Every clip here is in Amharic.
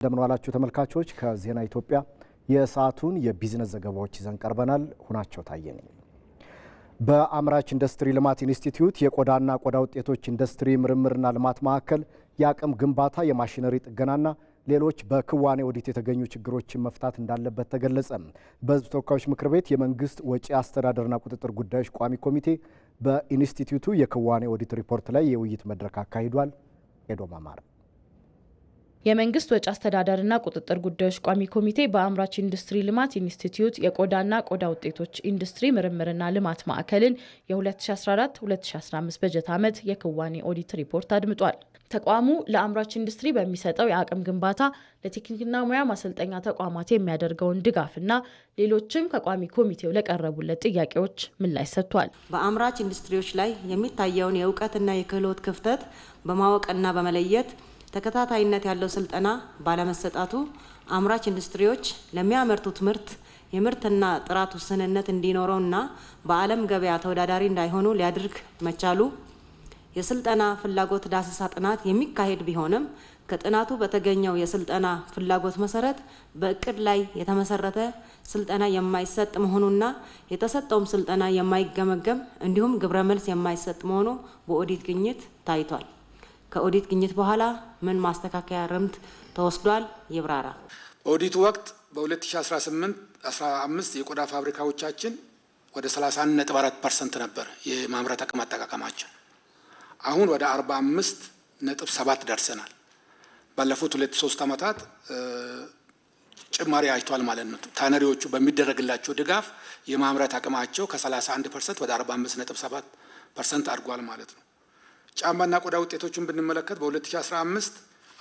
እንደምን ዋላችሁ ተመልካቾች። ከዜና ኢትዮጵያ የሰዓቱን የቢዝነስ ዘገባዎች ይዘን ቀርበናል። ሁናቸው ታየ ነኝ። በአምራች ኢንዱስትሪ ልማት ኢንስቲትዩት የቆዳና ቆዳ ውጤቶች ኢንዱስትሪ ምርምርና ልማት ማዕከል የአቅም ግንባታ፣ የማሽነሪ ጥገናና ሌሎች በክዋኔ ኦዲት የተገኙ ችግሮችን መፍታት እንዳለበት ተገለጸ። በሕዝብ ተወካዮች ምክር ቤት የመንግስት ወጪ አስተዳደርና ቁጥጥር ጉዳዮች ቋሚ ኮሚቴ በኢንስቲትዩቱ የክዋኔ ኦዲት ሪፖርት ላይ የውይይት መድረክ አካሂዷል። ኤዶም አማረ የመንግስት ወጪ አስተዳደርና ቁጥጥር ጉዳዮች ቋሚ ኮሚቴ በአምራች ኢንዱስትሪ ልማት ኢንስቲትዩት የቆዳና ቆዳ ውጤቶች ኢንዱስትሪ ምርምርና ልማት ማዕከልን የ2014-2015 በጀት ዓመት የክዋኔ ኦዲት ሪፖርት አድምጧል። ተቋሙ ለአምራች ኢንዱስትሪ በሚሰጠው የአቅም ግንባታ ለቴክኒክና ሙያ ማሰልጠኛ ተቋማት የሚያደርገውን ድጋፍና ሌሎችም ከቋሚ ኮሚቴው ለቀረቡለት ጥያቄዎች ምላሽ ሰጥቷል። በአምራች ኢንዱስትሪዎች ላይ የሚታየውን የእውቀትና የክህሎት ክፍተት በማወቅና በመለየት ተከታታይነት ያለው ስልጠና ባለመሰጣቱ አምራች ኢንዱስትሪዎች ለሚያመርቱት ምርት የምርትና ጥራት ውስንነት እንዲኖረውና በዓለም ገበያ ተወዳዳሪ እንዳይሆኑ ሊያድርግ መቻሉ የስልጠና ፍላጎት ዳሰሳ ጥናት የሚካሄድ ቢሆንም ከጥናቱ በተገኘው የስልጠና ፍላጎት መሰረት በእቅድ ላይ የተመሰረተ ስልጠና የማይሰጥ መሆኑና የተሰጠውም ስልጠና የማይገመገም እንዲሁም ግብረ መልስ የማይሰጥ መሆኑ በኦዲት ግኝት ታይቷል። ከኦዲት ግኝት በኋላ ምን ማስተካከያ ርምት ተወስዷል? ይብራራ። በኦዲቱ ወቅት በ2018/15 የቆዳ ፋብሪካዎቻችን ወደ 31.4 ፐርሰንት ነበር የማምረት አቅም አጠቃቀማችን። አሁን ወደ 45.7 ደርሰናል። ባለፉት ሁለት ሶስት ዓመታት ጭማሪ አይቷል ማለት ነው። ታነሪዎቹ በሚደረግላቸው ድጋፍ የማምረት አቅማቸው ከ31 ፐርሰንት ወደ 45.7 ፐርሰንት አድጓል ማለት ነው። ጫማና ቆዳ ውጤቶችን ብንመለከት በ2015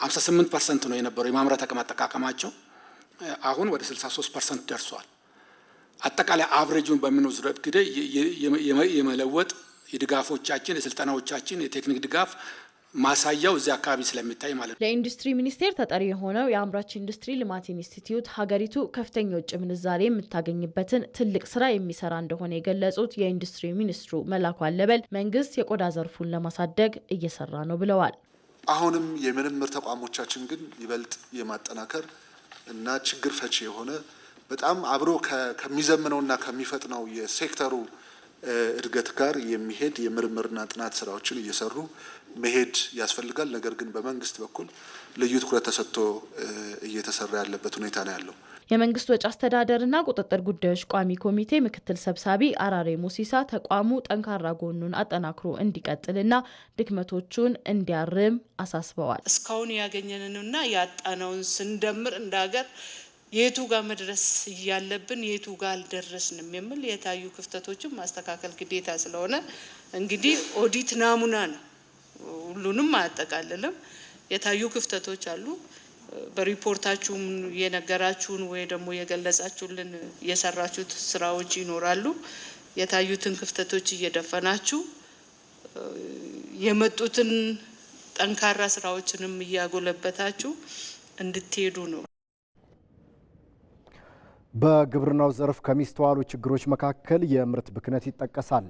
58 ፐርሰንት ነው የነበረው የማምረት አቅም አጠቃቀማቸው አሁን ወደ 63 ፐርሰንት ደርሷል። አጠቃላይ አብሬጁን በምንወስድ ጊዜ የመለወጥ የድጋፎቻችን፣ የስልጠናዎቻችን፣ የቴክኒክ ድጋፍ ማሳያው እዚህ አካባቢ ስለሚታይ ማለት ነው። ለኢንዱስትሪ ሚኒስቴር ተጠሪ የሆነው የአምራች ኢንዱስትሪ ልማት ኢንስቲትዩት ሀገሪቱ ከፍተኛ ውጭ ምንዛሬ የምታገኝበትን ትልቅ ስራ የሚሰራ እንደሆነ የገለጹት የኢንዱስትሪ ሚኒስትሩ መላኩ አለበል መንግስት የቆዳ ዘርፉን ለማሳደግ እየሰራ ነው ብለዋል። አሁንም የምርምር ተቋሞቻችን ግን ይበልጥ የማጠናከር እና ችግር ፈቺ የሆነ በጣም አብሮ ከሚዘምነውና ከሚፈጥነው የሴክተሩ እድገት ጋር የሚሄድ የምርምርና ጥናት ስራዎችን እየሰሩ መሄድ ያስፈልጋል። ነገር ግን በመንግስት በኩል ልዩ ትኩረት ተሰጥቶ እየተሰራ ያለበት ሁኔታ ነው ያለው። የመንግስት ወጪ አስተዳደርና ቁጥጥር ጉዳዮች ቋሚ ኮሚቴ ምክትል ሰብሳቢ አራሬ ሙሲሳ ተቋሙ ጠንካራ ጎኑን አጠናክሮ እንዲቀጥልና ድክመቶቹን እንዲያርም አሳስበዋል። እስካሁን ያገኘንንና ያጣነውን ስንደምር እንደ ሀገር የቱ ጋር መድረስ እያለብን የቱ ጋር አልደረስንም የሚል የታዩ ክፍተቶችን ማስተካከል ግዴታ ስለሆነ እንግዲህ ኦዲት ናሙና ነው ሁሉንም አያጠቃልልም። የታዩ ክፍተቶች አሉ። በሪፖርታችሁም የነገራችሁን ወይ ደግሞ የገለጻችሁልን የሰራችሁት ስራዎች ይኖራሉ። የታዩትን ክፍተቶች እየደፈናችሁ የመጡትን ጠንካራ ስራዎችንም እያጎለበታችሁ እንድትሄዱ ነው። በግብርናው ዘርፍ ከሚስተዋሉ ችግሮች መካከል የምርት ብክነት ይጠቀሳል።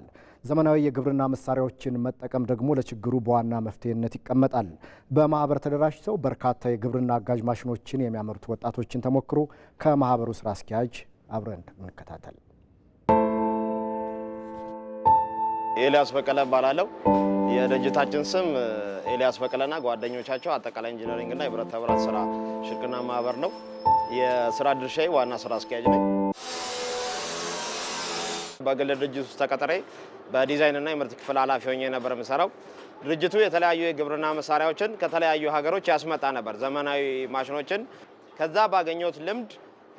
ዘመናዊ የግብርና መሳሪያዎችን መጠቀም ደግሞ ለችግሩ በዋና መፍትሄነት ይቀመጣል። በማህበር ተደራጅተው በርካታ የግብርና አጋዥ ማሽኖችን የሚያመርቱ ወጣቶችን ተሞክሮ ከማህበሩ ስራ አስኪያጅ አብረን እንከታተል። ኤልያስ በቀለ እባላለሁ። የድርጅታችን ስም ኤልያስ በቀለና ጓደኞቻቸው አጠቃላይ ኢንጂነሪንግና የብረታ ብረት ስራ ሽርክና ማህበር ነው። የስራ ድርሻዬ ዋና ስራ አስኪያጅ ነኝ። በግል ድርጅት ውስጥ ተቀጥሬ በዲዛይንና የምርት ክፍል ኃላፊ ሆኜ ነበር የምሰራው። ድርጅቱ የተለያዩ የግብርና መሳሪያዎችን ከተለያዩ ሀገሮች ያስመጣ ነበር፣ ዘመናዊ ማሽኖችን። ከዛ ባገኘሁት ልምድ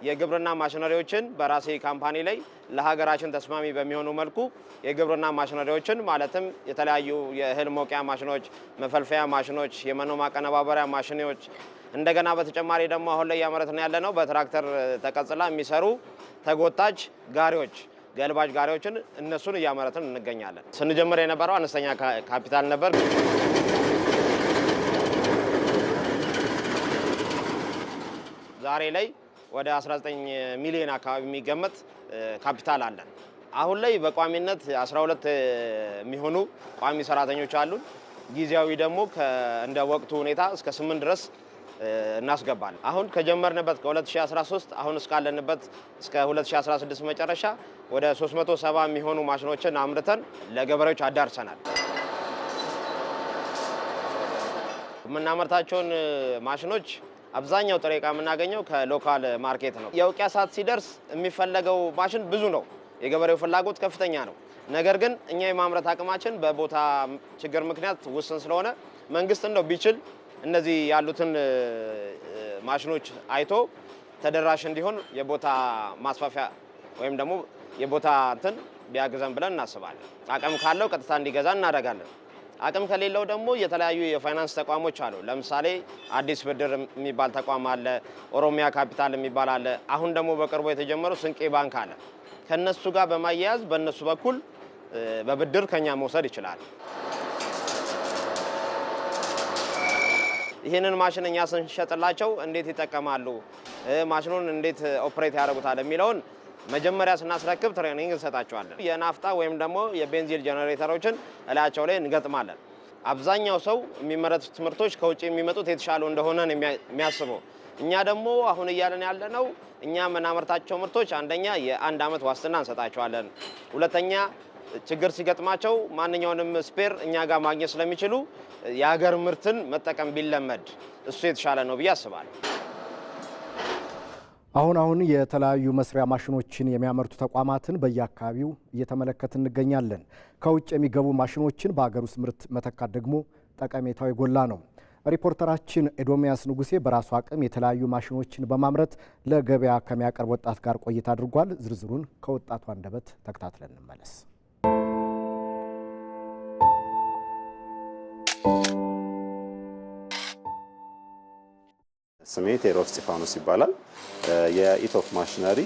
የግብርና ማሽነሪዎችን በራሴ ካምፓኒ ላይ ለሀገራችን ተስማሚ በሚሆኑ መልኩ የግብርና ማሽነሪዎችን ማለትም የተለያዩ የእህል መውቂያ ማሽኖች፣ መፈልፈያ ማሽኖች፣ የመኖ ማቀነባበሪያ ማሽኖች እንደገና በተጨማሪ ደግሞ አሁን ላይ እያመረትን ያለነው በትራክተር ተቀጽላ የሚሰሩ ተጎታች ጋሪዎች ገልባጭ ጋሪዎችን እነሱን እያመረትን እንገኛለን። ስንጀምር የነበረው አነስተኛ ካፒታል ነበር። ዛሬ ላይ ወደ 19 ሚሊዮን አካባቢ የሚገመት ካፒታል አለን። አሁን ላይ በቋሚነት 12 የሚሆኑ ቋሚ ሰራተኞች አሉን። ጊዜያዊ ደግሞ እንደ ወቅቱ ሁኔታ እስከ 8 ድረስ እናስገባለን። አሁን ከጀመርንበት ከ2013 አሁን እስካለንበት እስከ 2016 መጨረሻ ወደ 370 የሚሆኑ ማሽኖችን አምርተን ለገበሬዎች አዳርሰናል። የምናመርታቸውን ማሽኖች አብዛኛው ጥሬ ዕቃ የምናገኘው ከሎካል ማርኬት ነው። የውቅያ ሰዓት ሲደርስ የሚፈለገው ማሽን ብዙ ነው። የገበሬው ፍላጎት ከፍተኛ ነው። ነገር ግን እኛ የማምረት አቅማችን በቦታ ችግር ምክንያት ውስን ስለሆነ መንግስት እንደው ቢችል እነዚህ ያሉትን ማሽኖች አይቶ ተደራሽ እንዲሆን የቦታ ማስፋፊያ ወይም ደግሞ የቦታ እንትን ቢያግዘን ብለን እናስባለን። አቅም ካለው ቀጥታ እንዲገዛ እናደርጋለን። አቅም ከሌለው ደግሞ የተለያዩ የፋይናንስ ተቋሞች አሉ። ለምሳሌ አዲስ ብድር የሚባል ተቋም አለ፣ ኦሮሚያ ካፒታል የሚባል አለ። አሁን ደግሞ በቅርቡ የተጀመረው ስንቄ ባንክ አለ። ከነሱ ጋር በማያያዝ በእነሱ በኩል በብድር ከኛ መውሰድ ይችላል። ይህንን ማሽን እኛ ስንሸጥላቸው እንዴት ይጠቀማሉ፣ ማሽኑን እንዴት ኦፕሬት ያደርጉታል የሚለውን መጀመሪያ ስናስረክብ ትሬኒንግ እንሰጣቸዋለን። የናፍጣ ወይም ደግሞ የቤንዚል ጀኔሬተሮችን እላያቸው ላይ እንገጥማለን። አብዛኛው ሰው የሚመረቱት ምርቶች ከውጭ የሚመጡት የተሻሉ እንደሆነ ነው የሚያስበው። እኛ ደግሞ አሁን እያለን ያለነው እኛ የምናመርታቸው ምርቶች አንደኛ የአንድ ዓመት ዋስትና እንሰጣቸዋለን። ሁለተኛ ችግር ሲገጥማቸው ማንኛውንም ስፔር እኛ ጋር ማግኘት ስለሚችሉ የሀገር ምርትን መጠቀም ቢለመድ እሱ የተሻለ ነው ብዬ አስባለሁ። አሁን አሁን የተለያዩ መስሪያ ማሽኖችን የሚያመርቱ ተቋማትን በየአካባቢው እየተመለከትን እንገኛለን። ከውጭ የሚገቡ ማሽኖችን በሀገር ውስጥ ምርት መተካት ደግሞ ጠቀሜታው የጎላ ነው። ሪፖርተራችን ኤዶሚያስ ንጉሴ በራሱ አቅም የተለያዩ ማሽኖችን በማምረት ለገበያ ከሚያቀርብ ወጣት ጋር ቆይታ አድርጓል። ዝርዝሩን ከወጣቱ አንደበት ተከታትለን እንመለስ። ስሜ ቴዎድሮስ እስጢፋኖስ ይባላል። የኢቶፕ ማሽነሪ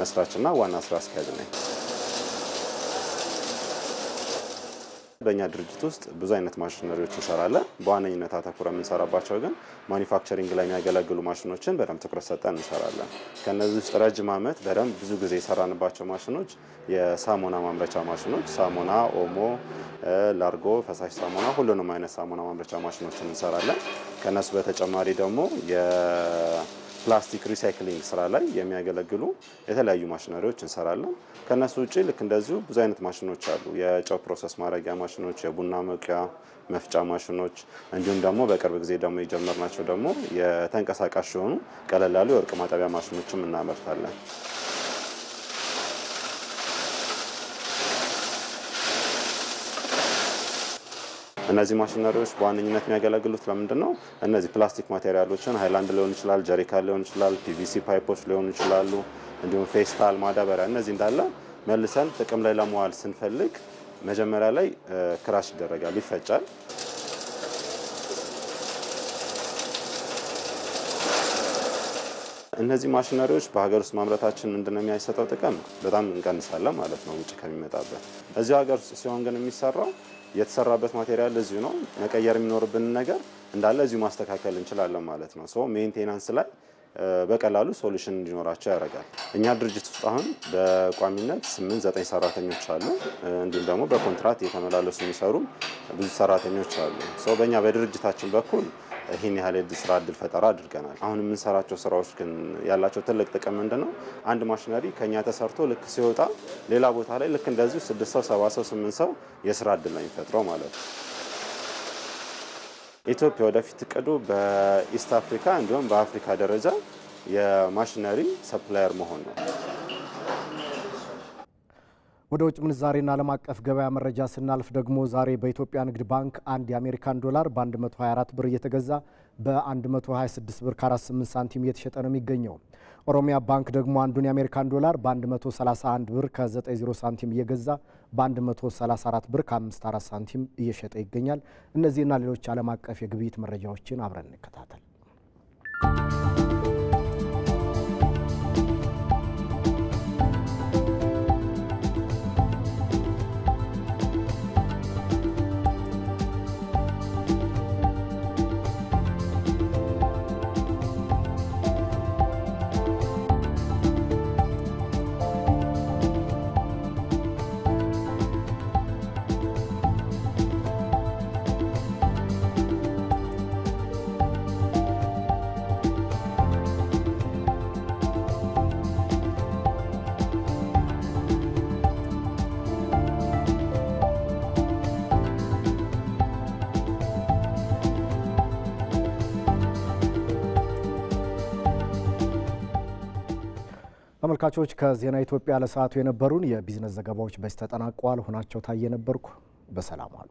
መስራችና ዋና ስራ አስኪያጅ ነኝ። በእኛ ድርጅት ውስጥ ብዙ አይነት ማሽነሪዎች እንሰራለን። በዋነኝነት አተኩረ የምንሰራባቸው ግን ማኒፋክቸሪንግ ላይ የሚያገለግሉ ማሽኖችን በደንብ ትኩረት ሰጠን እንሰራለን። ከነዚህ ውስጥ ረጅም ዓመት በደንብ ብዙ ጊዜ የሰራንባቸው ማሽኖች የሳሙና ማምረቻ ማሽኖች፣ ሳሙና፣ ኦሞ፣ ላርጎ፣ ፈሳሽ ሳሙና፣ ሁሉንም አይነት ሳሙና ማምረቻ ማሽኖችን እንሰራለን። ከነሱ በተጨማሪ ደግሞ ፕላስቲክ ሪሳይክሊንግ ስራ ላይ የሚያገለግሉ የተለያዩ ማሽነሪዎች እንሰራለን። ከነሱ ውጭ ልክ እንደዚሁ ብዙ አይነት ማሽኖች አሉ። የጨው ፕሮሰስ ማድረጊያ ማሽኖች፣ የቡና መቁያ መፍጫ ማሽኖች እንዲሁም ደግሞ በቅርብ ጊዜ ደግሞ የጀመርናቸው ደግሞ የተንቀሳቃሽ የሆኑ ቀለል ያሉ የወርቅ ማጠቢያ ማሽኖችም እናመርታለን። እነዚህ ማሽነሪዎች በዋነኝነት የሚያገለግሉት ለምንድን ነው? እነዚህ ፕላስቲክ ማቴሪያሎችን ሃይላንድ ሊሆን ይችላል፣ ጀሪካን ሊሆን ይችላል፣ ፒቪሲ ፓይፖች ሊሆኑ ይችላሉ፣ እንዲሁም ፌስታል፣ ማዳበሪያ እነዚህ እንዳለ መልሰን ጥቅም ላይ ለመዋል ስንፈልግ መጀመሪያ ላይ ክራሽ ይደረጋል፣ ይፈጫል። እነዚህ ማሽነሪዎች በሀገር ውስጥ ማምረታችን ምንድነው የሚያሰጠው ጥቅም በጣም እንቀንሳለን ማለት ነው፣ ውጭ ከሚመጣበት። እዚሁ ሀገር ውስጥ ሲሆን ግን የሚሰራው የተሰራበት ማቴሪያል እዚሁ ነው። መቀየር የሚኖርብንን ነገር እንዳለ እዚሁ ማስተካከል እንችላለን ማለት ነው። ሶ ሜንቴናንስ ላይ በቀላሉ ሶሉሽን እንዲኖራቸው ያደርጋል። እኛ ድርጅት ውስጥ አሁን በቋሚነት ስምንት ዘጠኝ ሰራተኞች አሉ። እንዲሁም ደግሞ በኮንትራት የተመላለሱ የሚሰሩ ብዙ ሰራተኞች አሉ። ሰው በእኛ በድርጅታችን በኩል ይህን ያህል ስራ እድል ፈጠራ አድርገናል። አሁን የምንሰራቸው ስራዎች ግን ያላቸው ትልቅ ጥቅም ምንድን ነው? አንድ ማሽነሪ ከኛ ተሰርቶ ልክ ሲወጣ ሌላ ቦታ ላይ ልክ እንደዚሁ ስድስት ሰው፣ ሰባት ሰው፣ ስምንት ሰው የስራ እድል ነው የሚፈጥረው ማለት ነው። ኢትዮጵያ ወደፊት እቅዱ በኢስት አፍሪካ እንዲሁም በአፍሪካ ደረጃ የማሽነሪ ሰፕላየር መሆን ነው። ወደ ውጭ ምንዛሬና ዓለም አቀፍ ገበያ መረጃ ስናልፍ ደግሞ ዛሬ በኢትዮጵያ ንግድ ባንክ አንድ የአሜሪካን ዶላር በ124 ብር እየተገዛ በ126 ብር ከ48 ሳንቲም እየተሸጠ ነው የሚገኘው። ኦሮሚያ ባንክ ደግሞ አንዱን የአሜሪካን ዶላር በ131 ብር ከ90 ሳንቲም እየገዛ በ134 ብር ከ54 ሳንቲም እየሸጠ ይገኛል። እነዚህና ሌሎች ዓለም አቀፍ የግብይት መረጃዎችን አብረን እንከታተል። ተመልካቾች ከዜና ኢትዮጵያ ለሰዓቱ የነበሩን የቢዝነስ ዘገባዎች በዚህ ተጠናቀዋል ሆናቸው ታየ ነበርኩ። በሰላም አሉ።